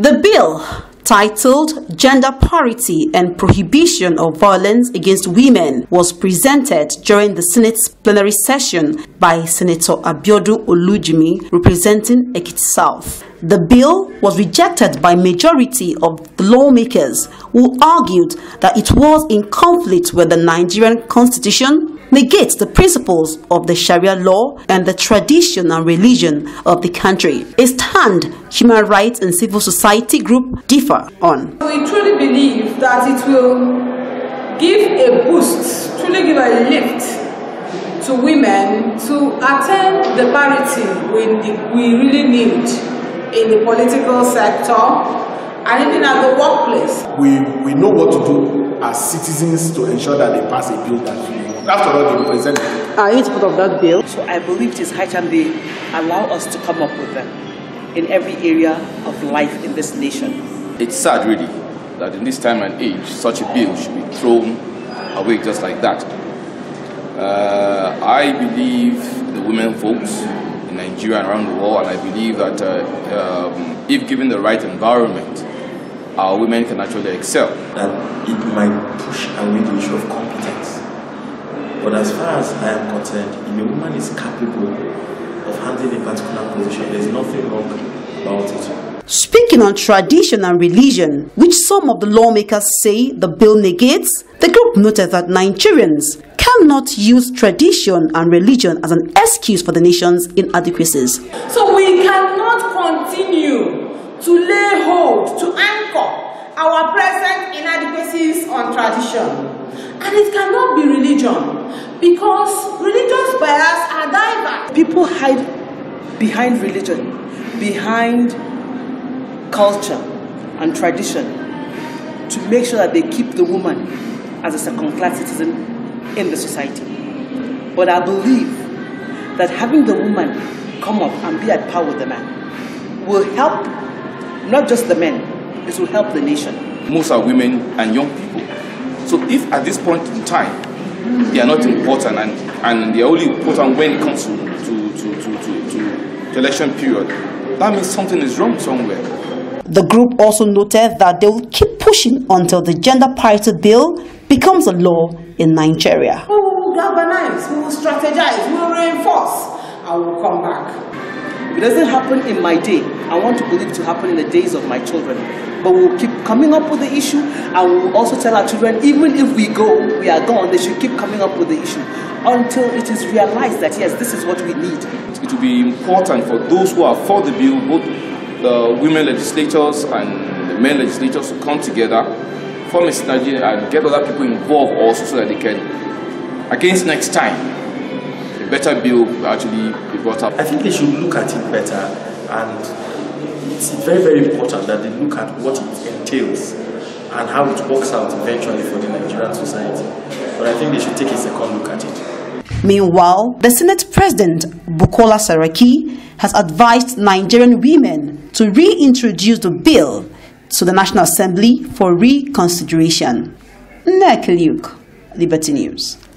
The bill, titled Gender Parity and Prohibition of Violence Against Women, was presented during the Senate's plenary session by Senator Abiodun Olujimi, representing Ekiti South. The bill was rejected by majority of the lawmakers who argued that it was in conflict with the Nigerian constitution, negates the principles of the Sharia law and the tradition and religion of the country. A stand human rights and civil society group differ on. We truly believe that it will give a boost, truly give a lift to women to attain the parity we, we really need in the political sector, and even at the workplace. We, we know what to do as citizens to ensure that they pass a bill that we after all they present. Our input of that bill. So I believe it is high time they allow us to come up with them in every area of life in this nation. It's sad really that in this time and age such a bill should be thrown away just like that. Uh, I believe the women folks. Nigeria and around the world. And I believe that uh, um, if given the right environment, our women can actually excel. That it might push away the issue of competence. But as far as I am concerned, if a woman is capable of handling a particular position, there's nothing wrong about it. Speaking on tradition and religion, which some of the lawmakers say the bill negates, the group noted that Nigerians cannot use tradition and religion as an excuse for the nation's inadequacies. So we cannot continue to lay hold, to anchor our present inadequacies on tradition. And it cannot be religion because religious bias are diverse. People hide behind religion, behind culture and tradition to make sure that they keep the woman as a second class citizen in the society. But I believe that having the woman come up and be at par with the man will help not just the men, it will help the nation. Most are women and young people. So if at this point in time they are not important and, and they are only important when it comes to, to, to, to, to, to election period, that means something is wrong somewhere. The group also noted that they will keep pushing until the gender parity bill becomes a law in Nigeria. We will galvanize, we will strategize, we will reinforce, and we will come back. It doesn't happen in my day. I want to believe it to happen in the days of my children. But we'll keep coming up with the issue, and we'll also tell our children, even if we go, we are gone, they should keep coming up with the issue until it is realized that, yes, this is what we need. It will be important for those who are for the bill, both the women legislators and the men legislators, to come together form a synergy and get other people involved also so that they can, against next time, a better bill actually be brought up. I think they should look at it better and it's very, very important that they look at what it entails and how it works out eventually for the Nigerian society. But I think they should take a second look at it. Meanwhile, the Senate President Bukola Saraki has advised Nigerian women to reintroduce the bill to the National Assembly for reconsideration. Nneka Liberty News.